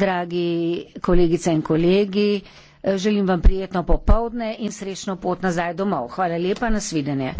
Dragi kolegice in kolegi, eh, želim vam prijetno popovdne in srečno pot nazaj domov. Hvala lepa, nasvidenje.